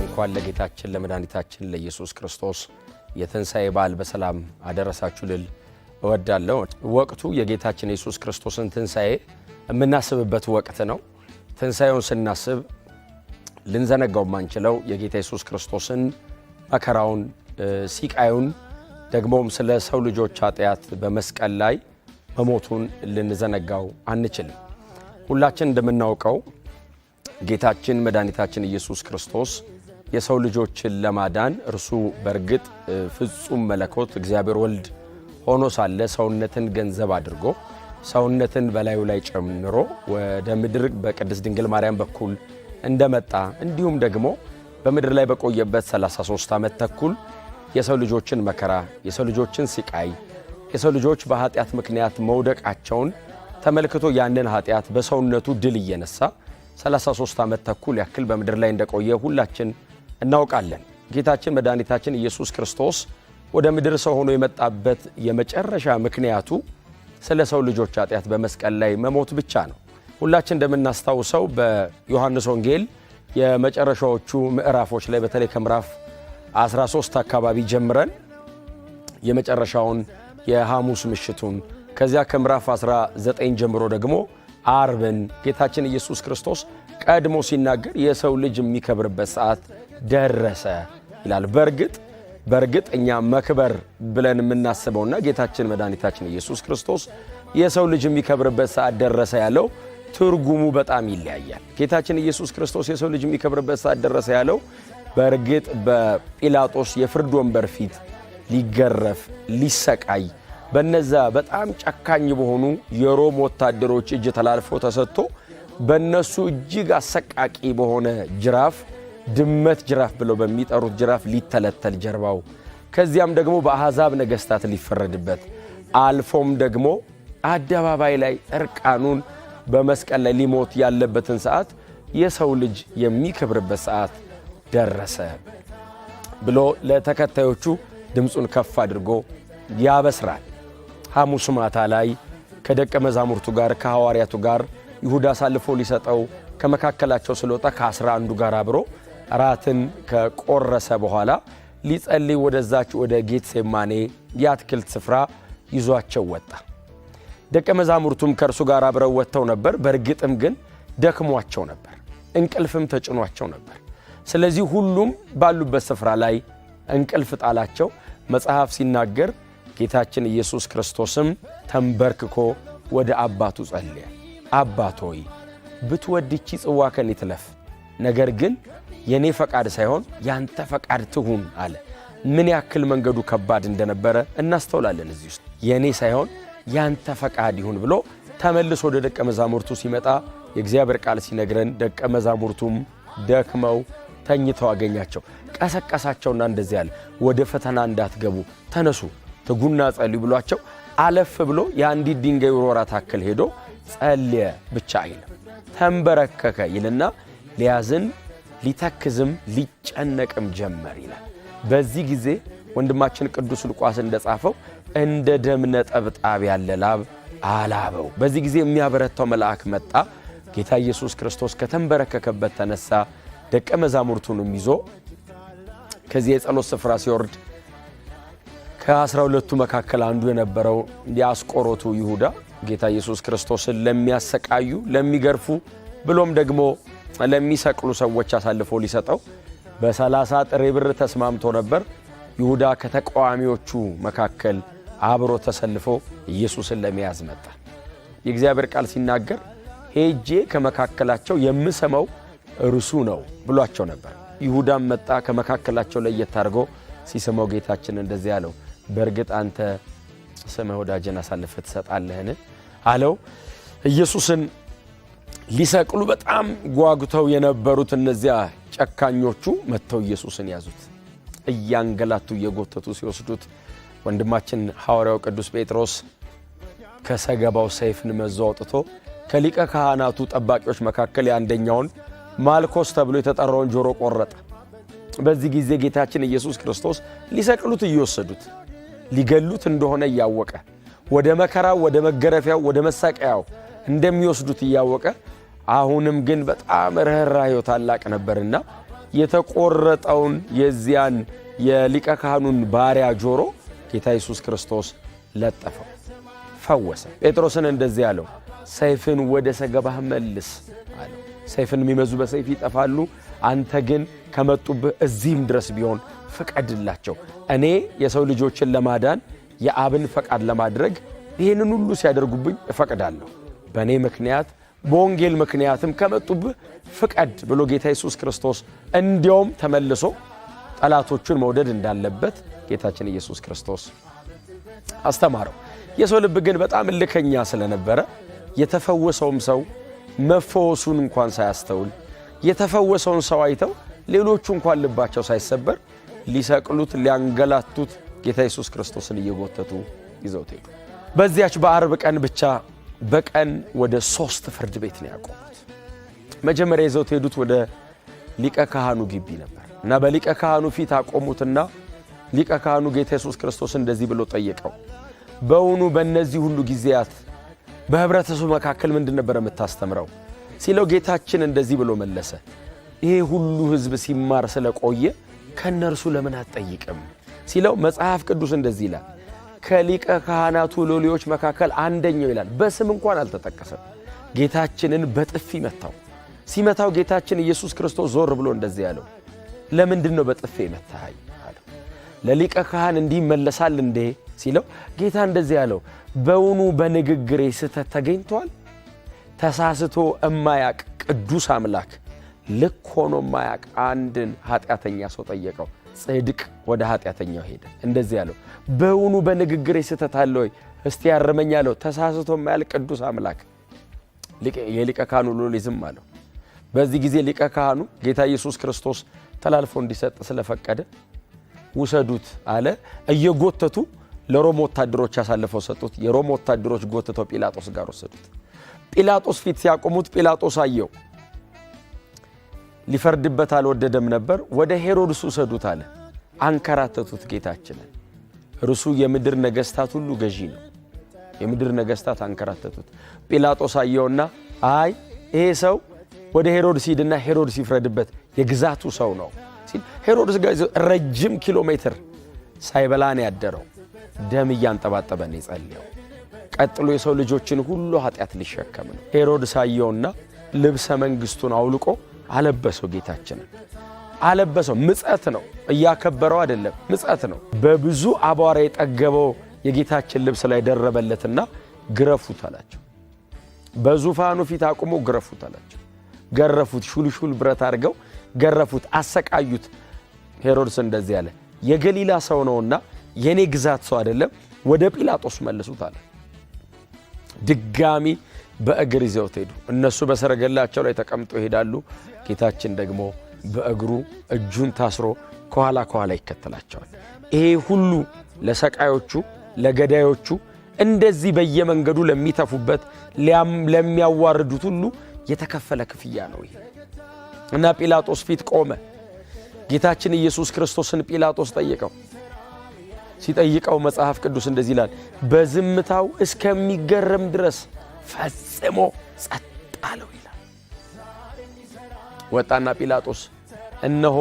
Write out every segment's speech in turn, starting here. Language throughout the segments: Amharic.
እንኳን ለጌታችን ለመድኃኒታችን ለኢየሱስ ክርስቶስ የትንሣኤ በዓል በሰላም አደረሳችሁ ልል እወዳለሁ። ወቅቱ የጌታችን ኢየሱስ ክርስቶስን ትንሣኤ የምናስብበት ወቅት ነው። ትንሣኤውን ስናስብ ልንዘነጋው የማንችለው የጌታ ኢየሱስ ክርስቶስን መከራውን፣ ሲቃዩን? ደግሞም ስለ ሰው ልጆች ኃጢአት በመስቀል ላይ መሞቱን ልንዘነጋው አንችልም። ሁላችን እንደምናውቀው ጌታችን መድኃኒታችን ኢየሱስ ክርስቶስ የሰው ልጆችን ለማዳን እርሱ በእርግጥ ፍጹም መለኮት እግዚአብሔር ወልድ ሆኖ ሳለ ሰውነትን ገንዘብ አድርጎ ሰውነትን በላዩ ላይ ጨምሮ ወደ ምድር በቅድስት ድንግል ማርያም በኩል እንደመጣ እንዲሁም ደግሞ በምድር ላይ በቆየበት 33 ዓመት ተኩል የሰው ልጆችን መከራ፣ የሰው ልጆችን ስቃይ፣ የሰው ልጆች በኃጢአት ምክንያት መውደቃቸውን ተመልክቶ ያንን ኃጢአት በሰውነቱ ድል እየነሳ 33 ዓመት ተኩል ያክል በምድር ላይ እንደቆየ ሁላችን እናውቃለን። ጌታችን መድኃኒታችን ኢየሱስ ክርስቶስ ወደ ምድር ሰው ሆኖ የመጣበት የመጨረሻ ምክንያቱ ስለ ሰው ልጆች ኃጢአት በመስቀል ላይ መሞት ብቻ ነው። ሁላችን እንደምናስታውሰው በዮሐንስ ወንጌል የመጨረሻዎቹ ምዕራፎች ላይ በተለይ ከምዕራፍ 13 አካባቢ ጀምረን የመጨረሻውን የሐሙስ ምሽቱን ከዚያ ከምዕራፍ 19 ጀምሮ ደግሞ አርብን ጌታችን ኢየሱስ ክርስቶስ ቀድሞ ሲናገር የሰው ልጅ የሚከብርበት ሰዓት ደረሰ ይላል። በእርግጥ በእርግጥ እኛ መክበር ብለን የምናስበውና ጌታችን መድኃኒታችን ኢየሱስ ክርስቶስ የሰው ልጅ የሚከብርበት ሰዓት ደረሰ ያለው ትርጉሙ በጣም ይለያያል። ጌታችን ኢየሱስ ክርስቶስ የሰው ልጅ የሚከብርበት ሰዓት ደረሰ ያለው በእርግጥ በጲላጦስ የፍርድ ወንበር ፊት ሊገረፍ ሊሰቃይ በነዛ በጣም ጨካኝ በሆኑ የሮም ወታደሮች እጅ ተላልፎ ተሰጥቶ በእነሱ እጅግ አሰቃቂ በሆነ ጅራፍ ድመት ጅራፍ ብለው በሚጠሩት ጅራፍ ሊተለተል ጀርባው፣ ከዚያም ደግሞ በአሕዛብ ነገሥታት ሊፈረድበት አልፎም ደግሞ አደባባይ ላይ እርቃኑን በመስቀል ላይ ሊሞት ያለበትን ሰዓት የሰው ልጅ የሚከብርበት ሰዓት ደረሰ ብሎ ለተከታዮቹ ድምፁን ከፍ አድርጎ ያበስራል። ሐሙስ ማታ ላይ ከደቀ መዛሙርቱ ጋር ከሐዋርያቱ ጋር ይሁዳ አሳልፎ ሊሰጠው ከመካከላቸው ስለወጣ ከአስራ አንዱ ጋር አብሮ ራትን ከቆረሰ በኋላ ሊጸልይ ወደዛች ወደ ጌትሴማኔ የአትክልት ስፍራ ይዟቸው ወጣ። ደቀ መዛሙርቱም ከእርሱ ጋር አብረው ወጥተው ነበር። በእርግጥም ግን ደክሟቸው ነበር፣ እንቅልፍም ተጭኗቸው ነበር። ስለዚህ ሁሉም ባሉበት ስፍራ ላይ እንቅልፍ ጣላቸው። መጽሐፍ ሲናገር ጌታችን ኢየሱስ ክርስቶስም ተንበርክኮ ወደ አባቱ ጸልየ አባት ሆይ ብትወድ ጽዋ ከኔ ትለፍ፣ ነገር ግን የእኔ ፈቃድ ሳይሆን ያንተ ፈቃድ ትሁን አለ። ምን ያክል መንገዱ ከባድ እንደነበረ እናስተውላለን። እዚህ ውስጥ የእኔ ሳይሆን ያንተ ፈቃድ ይሁን ብሎ ተመልሶ ወደ ደቀ መዛሙርቱ ሲመጣ የእግዚአብሔር ቃል ሲነግረን ደቀ መዛሙርቱም ደክመው ተኝተው አገኛቸው። ቀሰቀሳቸውና እንደዚህ አለ፣ ወደ ፈተና እንዳትገቡ ተነሱ፣ ትጉና ጸልዩ ብሏቸው አለፍ ብሎ የአንዲት ድንጋይ ውርወራ ታክል ሄዶ ጸልየ ብቻ አይልም፣ ተንበረከከ ይልና ሊያዝን ሊተክዝም ሊጨነቅም ጀመር ይላል። በዚህ ጊዜ ወንድማችን ቅዱስ ሉቃስ እንደጻፈው እንደ ደም ነጠብጣብ ያለ ላብ አላበው። በዚህ ጊዜ የሚያበረታው መልአክ መጣ። ጌታ ኢየሱስ ክርስቶስ ከተንበረከከበት ተነሳ። ደቀ መዛሙርቱንም ይዞ ከዚህ የጸሎት ስፍራ ሲወርድ ከአስራ ሁለቱ መካከል አንዱ የነበረው የአስቆሮቱ ይሁዳ ጌታ ኢየሱስ ክርስቶስን ለሚያሰቃዩ፣ ለሚገርፉ ብሎም ደግሞ ለሚሰቅሉ ሰዎች አሳልፎ ሊሰጠው በሰላሳ ጥሬ ብር ተስማምቶ ነበር። ይሁዳ ከተቃዋሚዎቹ መካከል አብሮ ተሰልፎ ኢየሱስን ለመያዝ መጣ። የእግዚአብሔር ቃል ሲናገር ሄጄ ከመካከላቸው የምሰማው እርሱ ነው ብሏቸው ነበር። ይሁዳም መጣ ከመካከላቸው ለየት አድርጎ ሲስመው ጌታችን እንደዚህ አለው፣ በእርግጥ አንተ ስምህ ወዳጅን አሳልፈ ትሰጣለህን አለው። ኢየሱስን ሊሰቅሉ በጣም ጓጉተው የነበሩት እነዚያ ጨካኞቹ መጥተው ኢየሱስን ያዙት። እያንገላቱ እየጎተቱ ሲወስዱት ወንድማችን ሐዋርያው ቅዱስ ጴጥሮስ ከሰገባው ሰይፍን መዞ አውጥቶ ከሊቀ ካህናቱ ጠባቂዎች መካከል የአንደኛውን ማልኮስ ተብሎ የተጠራውን ጆሮ ቆረጠ። በዚህ ጊዜ ጌታችን ኢየሱስ ክርስቶስ ሊሰቅሉት እየወሰዱት ሊገሉት እንደሆነ እያወቀ ወደ መከራው፣ ወደ መገረፊያው፣ ወደ መሳቀያው እንደሚወስዱት እያወቀ አሁንም ግን በጣም ርኅራኄው ታላቅ ነበርና የተቆረጠውን የዚያን የሊቀ ካህኑን ባሪያ ጆሮ ጌታ ኢየሱስ ክርስቶስ ለጠፈው፣ ፈወሰ። ጴጥሮስን እንደዚህ አለው፣ ሰይፍን ወደ ሰገባህ መልስ ሰይፍን የሚመዙ በሰይፍ ይጠፋሉ። አንተ ግን ከመጡብህ እዚህም ድረስ ቢሆን ፍቀድላቸው። እኔ የሰው ልጆችን ለማዳን የአብን ፈቃድ ለማድረግ ይህንን ሁሉ ሲያደርጉብኝ እፈቅዳለሁ። በእኔ ምክንያት በወንጌል ምክንያትም ከመጡብህ ፍቀድ ብሎ ጌታ ኢየሱስ ክርስቶስ እንዲያውም ተመልሶ ጠላቶቹን መውደድ እንዳለበት ጌታችን ኢየሱስ ክርስቶስ አስተማረው። የሰው ልብ ግን በጣም እልከኛ ስለነበረ የተፈወሰውም ሰው መፈወሱን እንኳን ሳያስተውል የተፈወሰውን ሰው አይተው ሌሎቹ እንኳን ልባቸው ሳይሰበር ሊሰቅሉት ሊያንገላቱት ጌታ ኢየሱስ ክርስቶስን እየጎተቱ ይዘውት ሄዱ። በዚያች በአርብ ቀን ብቻ በቀን ወደ ሶስት ፍርድ ቤት ነው ያቆሙት። መጀመሪያ ይዘውት ሄዱት ወደ ሊቀ ካህኑ ግቢ ነበር እና በሊቀ ካህኑ ፊት አቆሙትና ሊቀ ካህኑ ጌታ ኢየሱስ ክርስቶስ እንደዚህ ብሎ ጠየቀው፣ በውኑ በእነዚህ ሁሉ ጊዜያት በህብረተሰቡ መካከል ምንድን ነበር የምታስተምረው ሲለው ጌታችን እንደዚህ ብሎ መለሰ። ይሄ ሁሉ ህዝብ ሲማር ስለቆየ ከእነርሱ ለምን አትጠይቅም ሲለው መጽሐፍ ቅዱስ እንደዚህ ይላል፣ ከሊቀ ካህናቱ ሎሌዎች መካከል አንደኛው ይላል። በስም እንኳን አልተጠቀሰም። ጌታችንን በጥፊ መታው። ሲመታው ጌታችን ኢየሱስ ክርስቶስ ዞር ብሎ እንደዚህ ያለው ለምንድን ነው በጥፌ መታኸኝ ለሊቀ ካህን እንዲህ ይመለሳል እንዴ? ሲለው ጌታ እንደዚህ ያለው በውኑ በንግግሬ ስህተት ተገኝቷል? ተሳስቶ እማያቅ ቅዱስ አምላክ ልክ ሆኖ እማያቅ አንድን ኃጢአተኛ ሰው ጠየቀው። ጽድቅ ወደ ኃጢአተኛው ሄደ። እንደዚህ ያለው በውኑ በንግግሬ ስህተት አለ ወይ? እስቲ ያርመኝ አለው። ተሳስቶ እማያልቅ ቅዱስ አምላክ የሊቀ ካህኑ ሎሌ ዝም አለው። በዚህ ጊዜ ሊቀ ካህኑ ጌታ ኢየሱስ ክርስቶስ ተላልፎ እንዲሰጥ ስለፈቀደ ውሰዱት አለ። እየጎተቱ ለሮም ወታደሮች አሳልፈው ሰጡት። የሮም ወታደሮች ጎትተው ጲላጦስ ጋር ወሰዱት። ጲላጦስ ፊት ሲያቆሙት ጲላጦስ አየው። ሊፈርድበት አልወደደም ነበር። ወደ ሄሮድስ ውሰዱት አለ። አንከራተቱት ጌታችንን። እርሱ የምድር ነገሥታት ሁሉ ገዢ ነው። የምድር ነገሥታት አንከራተቱት። ጲላጦስ አየውና አይ ይሄ ሰው ወደ ሄሮድስ ሂድና ሄሮድስ ይፍረድበት የግዛቱ ሰው ነው ሲል ሄሮድስ ረጅም ኪሎ ሜትር ሳይበላን ያደረው። ደም እያንጠባጠበ ነው የጸለየው። ቀጥሎ የሰው ልጆችን ሁሉ ኃጢአት ሊሸከም ነው። ሄሮድስ አየውና ልብሰ መንግስቱን አውልቆ አለበሰው። ጌታችንን አለበሰው። ምጸት ነው፣ እያከበረው አይደለም፣ ምጸት ነው። በብዙ አቧራ የጠገበው የጌታችን ልብስ ላይ ደረበለትና ግረፉት አላቸው። በዙፋኑ ፊት አቁሞ ግረፉት አላቸው። ገረፉት። ሹልሹል ብረት አድርገው ገረፉት፣ አሰቃዩት። ሄሮድስ እንደዚህ አለ፣ የገሊላ ሰው ነውና የኔ ግዛት ሰው አይደለም፣ ወደ ጲላጦስ መልሱት አለ። ድጋሚ በእግር ይዘውት ሄዱ። እነሱ በሰረገላቸው ላይ ተቀምጦ ይሄዳሉ። ጌታችን ደግሞ በእግሩ እጁን ታስሮ ከኋላ ከኋላ ይከተላቸዋል። ይሄ ሁሉ ለሰቃዮቹ፣ ለገዳዮቹ እንደዚህ በየመንገዱ ለሚተፉበት ለሚያዋርዱት ሁሉ የተከፈለ ክፍያ ነው ይሄ እና ጲላጦስ ፊት ቆመ። ጌታችን ኢየሱስ ክርስቶስን ጲላጦስ ጠየቀው። ሲጠይቀው መጽሐፍ ቅዱስ እንደዚህ ይላል፣ በዝምታው እስከሚገረም ድረስ ፈጽሞ ጸጥ አለው ይላል። ወጣና ጲላጦስ እነሆ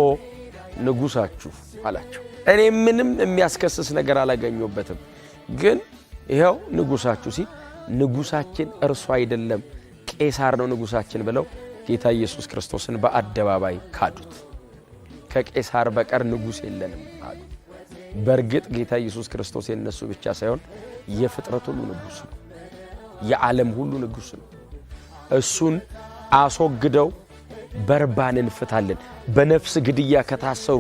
ንጉሳችሁ አላቸው። እኔ ምንም የሚያስከስስ ነገር አላገኘበትም፣ ግን ይኸው ንጉሳችሁ ሲል ንጉሳችን እርሱ አይደለም ቄሳር ነው ንጉሳችን ብለው ጌታ ኢየሱስ ክርስቶስን በአደባባይ ካዱት። ከቄሳር በቀር ንጉሥ የለንም አሉ። በእርግጥ ጌታ ኢየሱስ ክርስቶስ የነሱ ብቻ ሳይሆን የፍጥረት ሁሉ ንጉሥ ነው። የዓለም ሁሉ ንጉሥ ነው። እሱን አስወግደው በርባንን ፍታልን። በነፍስ ግድያ ከታሰሩ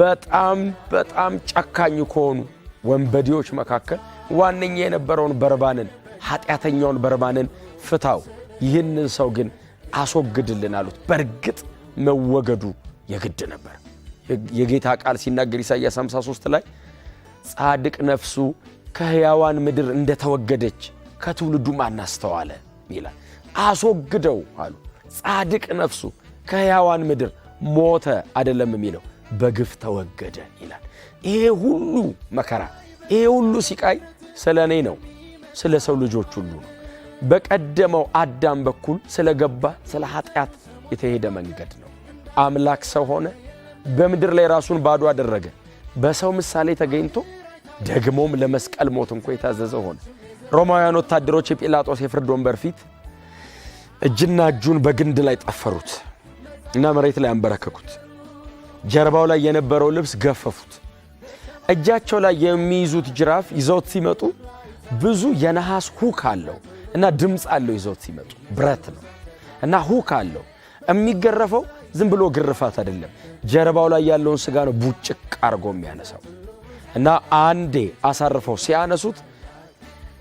በጣም በጣም ጨካኝ ከሆኑ ወንበዴዎች መካከል ዋነኛ የነበረውን በርባንን ኃጢአተኛውን በርባንን ፍታው፣ ይህንን ሰው ግን አስወግድልን አሉት። በእርግጥ መወገዱ የግድ ነበር። የጌታ ቃል ሲናገር ኢሳይያስ 53 ላይ ጻድቅ ነፍሱ ከሕያዋን ምድር እንደተወገደች ከትውልዱ ማን አስተዋለ ይላል። አስወግደው አሉ። ጻድቅ ነፍሱ ከሕያዋን ምድር ሞተ አይደለም የሚለው በግፍ ተወገደ ይላል። ይሄ ሁሉ መከራ፣ ይሄ ሁሉ ሲቃይ ስለ እኔ ነው፣ ስለ ሰው ልጆች ሁሉ ነው። በቀደመው አዳም በኩል ስለ ገባ ስለ ኃጢአት የተሄደ መንገድ ነው። አምላክ ሰው ሆነ። በምድር ላይ ራሱን ባዶ አደረገ። በሰው ምሳሌ ተገኝቶ ደግሞም ለመስቀል ሞት እንኳ የታዘዘ ሆነ። ሮማውያን ወታደሮች የጲላጦስ የፍርድ ወንበር ፊት እጅና እጁን በግንድ ላይ ጠፈሩት እና መሬት ላይ አንበረከኩት። ጀርባው ላይ የነበረው ልብስ ገፈፉት። እጃቸው ላይ የሚይዙት ጅራፍ ይዘውት ሲመጡ ብዙ የነሐስ ሁክ አለው እና ድምፅ አለው። ይዘውት ሲመጡ ብረት ነው እና ሁክ አለው የሚገረፈው ዝም ብሎ ግርፋት አይደለም፣ ጀርባው ላይ ያለውን ስጋ ነው ቡጭቅ አርጎ የሚያነሳው እና አንዴ አሳርፈው ሲያነሱት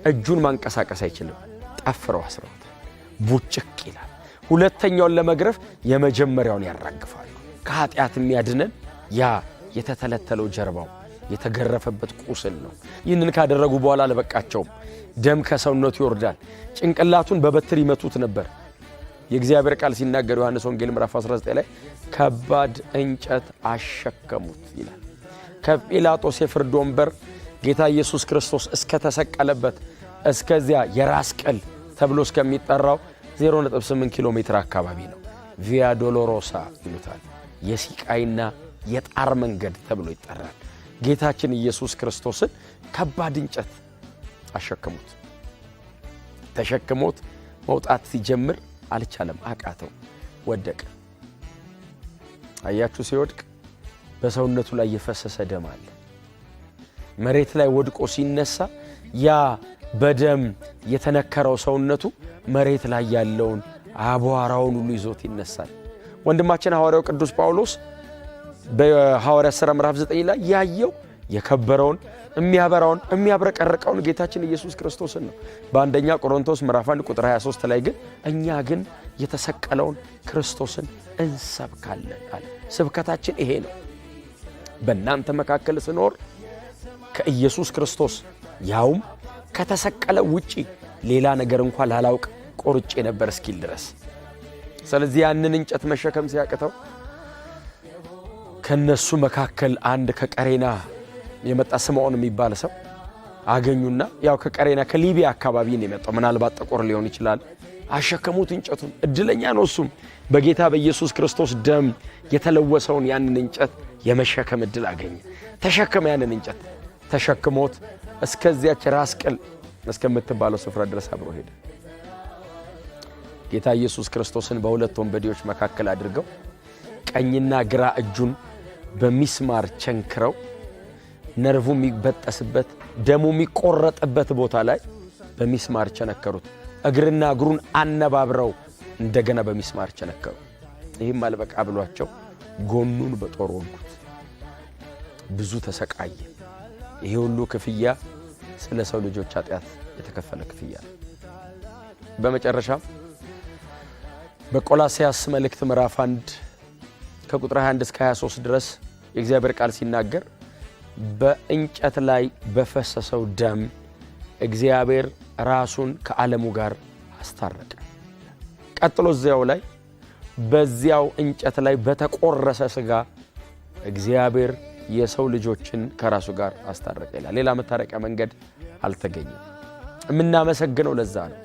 እጁን ማንቀሳቀስ አይችልም። ጠፍረው አስረውት ቡጭቅ ይላል። ሁለተኛውን ለመግረፍ የመጀመሪያውን ያራግፋሉ። ከኃጢአት የሚያድነን ያ የተተለተለው ጀርባው የተገረፈበት ቁስል ነው። ይህንን ካደረጉ በኋላ አልበቃቸውም። ደም ከሰውነቱ ይወርዳል። ጭንቅላቱን በበትር ይመቱት ነበር። የእግዚአብሔር ቃል ሲናገር ዮሐንስ ወንጌል ምዕራፍ 19 ላይ ከባድ እንጨት አሸከሙት ይላል። ከጲላጦስ የፍርድ ወንበር ጌታ ኢየሱስ ክርስቶስ እስከተሰቀለበት እስከዚያ የራስ ቅል ተብሎ እስከሚጠራው 0.8 ኪሎ ሜትር አካባቢ ነው። ቪያ ዶሎሮሳ ይሉታል። የሲቃይና የጣር መንገድ ተብሎ ይጠራል። ጌታችን ኢየሱስ ክርስቶስን ከባድ እንጨት አሸክሙት። ተሸክሞት መውጣት ሲጀምር አልቻለም፣ አቃተው፣ ወደቀ። አያችሁ፣ ሲወድቅ በሰውነቱ ላይ የፈሰሰ ደም አለ። መሬት ላይ ወድቆ ሲነሳ ያ በደም የተነከረው ሰውነቱ መሬት ላይ ያለውን አቧራውን ሁሉ ይዞት ይነሳል። ወንድማችን ሐዋርያው ቅዱስ ጳውሎስ በሐዋርያ ሥራ ምዕራፍ 9 ላይ ያየው የከበረውን የሚያበራውን የሚያብረቀርቀውን ጌታችን ኢየሱስ ክርስቶስን ነው። በአንደኛ ቆሮንቶስ ምዕራፍ 1 ቁጥር 23 ላይ ግን እኛ ግን የተሰቀለውን ክርስቶስን እንሰብካለን አለ። ስብከታችን ይሄ ነው። በእናንተ መካከል ስኖር ከኢየሱስ ክርስቶስ ያውም ከተሰቀለ ውጪ ሌላ ነገር እንኳ ላላውቅ ቆርጬ ነበር እስኪል ድረስ። ስለዚህ ያንን እንጨት መሸከም ሲያቅተው ከነሱ መካከል አንድ ከቀሬና የመጣ ስምዖን የሚባል ሰው አገኙና ያው ከቀሬና ከሊቢያ አካባቢ ነው የመጣው። ምናልባት ጥቁር ሊሆን ይችላል። አሸከሙት እንጨቱን። እድለኛ ነው እሱም በጌታ በኢየሱስ ክርስቶስ ደም የተለወሰውን ያንን እንጨት የመሸከም እድል አገኘ። ተሸከመ። ያንን እንጨት ተሸክሞት እስከዚያች ራስ ቅል እስከምትባለው ስፍራ ድረስ አብሮ ሄደ። ጌታ ኢየሱስ ክርስቶስን በሁለት ወንበዴዎች መካከል አድርገው ቀኝና ግራ እጁን በሚስማር ቸንክረው ነርቩ የሚበጠስበት ደሙ የሚቆረጥበት ቦታ ላይ በሚስማር ቸነከሩት። እግርና እግሩን አነባብረው እንደገና በሚስማር ቸነከሩ። ይህም አልበቃ ብሏቸው ጎኑን በጦር ወጉት። ብዙ ተሰቃየ። ይሄ ሁሉ ክፍያ ስለ ሰው ልጆች ኃጢአት የተከፈለ ክፍያ ነው። በመጨረሻም በቆላሲያስ መልእክት ምዕራፍ 1 ከቁጥር 21 እስከ 23 ድረስ የእግዚአብሔር ቃል ሲናገር በእንጨት ላይ በፈሰሰው ደም እግዚአብሔር ራሱን ከዓለሙ ጋር አስታረቀ። ቀጥሎ እዚያው ላይ በዚያው እንጨት ላይ በተቆረሰ ሥጋ እግዚአብሔር የሰው ልጆችን ከራሱ ጋር አስታረቀ ይላል። ሌላ መታረቂያ መንገድ አልተገኘም። የምናመሰግነው ለዛ ነው።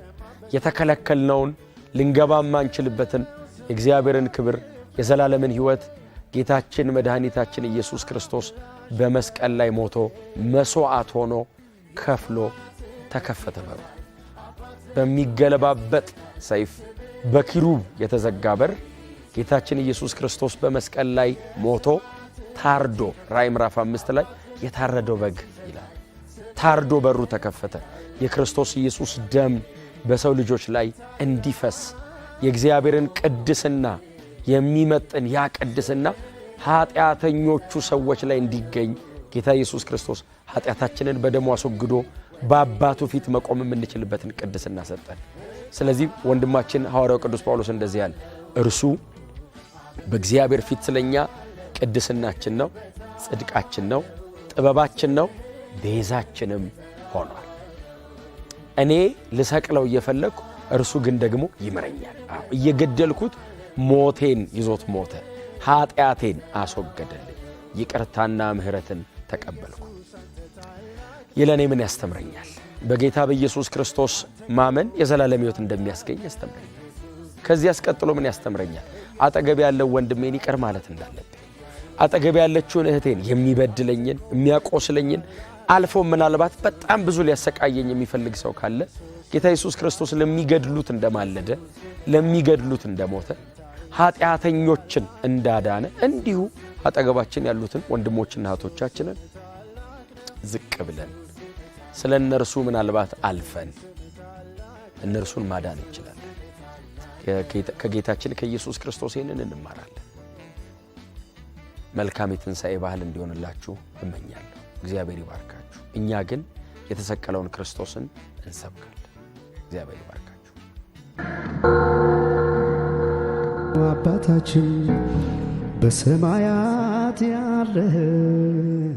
የተከለከልነውን ልንገባ ማንችልበትን የእግዚአብሔርን ክብር የዘላለምን ሕይወት ጌታችን መድኃኒታችን ኢየሱስ ክርስቶስ በመስቀል ላይ ሞቶ መስዋዕት ሆኖ ከፍሎ ተከፈተ በሩ። በሚገለባበጥ ሰይፍ በኪሩብ የተዘጋ በር ጌታችን ኢየሱስ ክርስቶስ በመስቀል ላይ ሞቶ ታርዶ ራእይ ምዕራፍ አምስት ላይ የታረደው በግ ይላል። ታርዶ በሩ ተከፈተ። የክርስቶስ ኢየሱስ ደም በሰው ልጆች ላይ እንዲፈስ የእግዚአብሔርን ቅድስና የሚመጥን ያ ቅድስና ኃጢአተኞቹ ሰዎች ላይ እንዲገኝ ጌታ ኢየሱስ ክርስቶስ ኃጢአታችንን በደሙ አስወግዶ በአባቱ ፊት መቆም የምንችልበትን ቅድስና ሰጠን። ስለዚህ ወንድማችን ሐዋርያው ቅዱስ ጳውሎስ እንደዚህ ያለ እርሱ በእግዚአብሔር ፊት ስለኛ ቅድስናችን ነው፣ ጽድቃችን ነው፣ ጥበባችን ነው፣ ቤዛችንም ሆኗል። እኔ ልሰቅለው እየፈለግኩ እርሱ ግን ደግሞ ይምረኛል። እየገደልኩት ሞቴን ይዞት ሞተ። ኀጢአቴን አስወገደልኝ፣ ይቅርታና ምሕረትን ተቀበልኩ። ይለኔ ምን ያስተምረኛል? በጌታ በኢየሱስ ክርስቶስ ማመን የዘላለም ሕይወት እንደሚያስገኝ ያስተምረኛል። ከዚህ አስቀጥሎ ምን ያስተምረኛል? አጠገብ ያለው ወንድሜን ይቅር ማለት እንዳለብኝ፣ አጠገብ ያለችውን እህቴን የሚበድለኝን፣ የሚያቆስለኝን አልፎ ምናልባት በጣም ብዙ ሊያሰቃየኝ የሚፈልግ ሰው ካለ ጌታ ኢየሱስ ክርስቶስ ለሚገድሉት እንደማለደ፣ ለሚገድሉት እንደሞተ ኃጢአተኞችን እንዳዳነ እንዲሁ አጠገባችን ያሉትን ወንድሞችና እህቶቻችንን ዝቅ ብለን ስለ እነርሱ ምናልባት አልፈን እነርሱን ማዳን እንችላለን። ከጌታችን ከኢየሱስ ክርስቶስ ይህንን እንማራለን። መልካም የትንሣኤ ባህል እንዲሆንላችሁ እመኛለሁ። እግዚአብሔር ይባርካችሁ። እኛ ግን የተሰቀለውን ክርስቶስን እንሰብካለን። እግዚአብሔር ይባርካችሁ። አባታችን በሰማያት ያለህ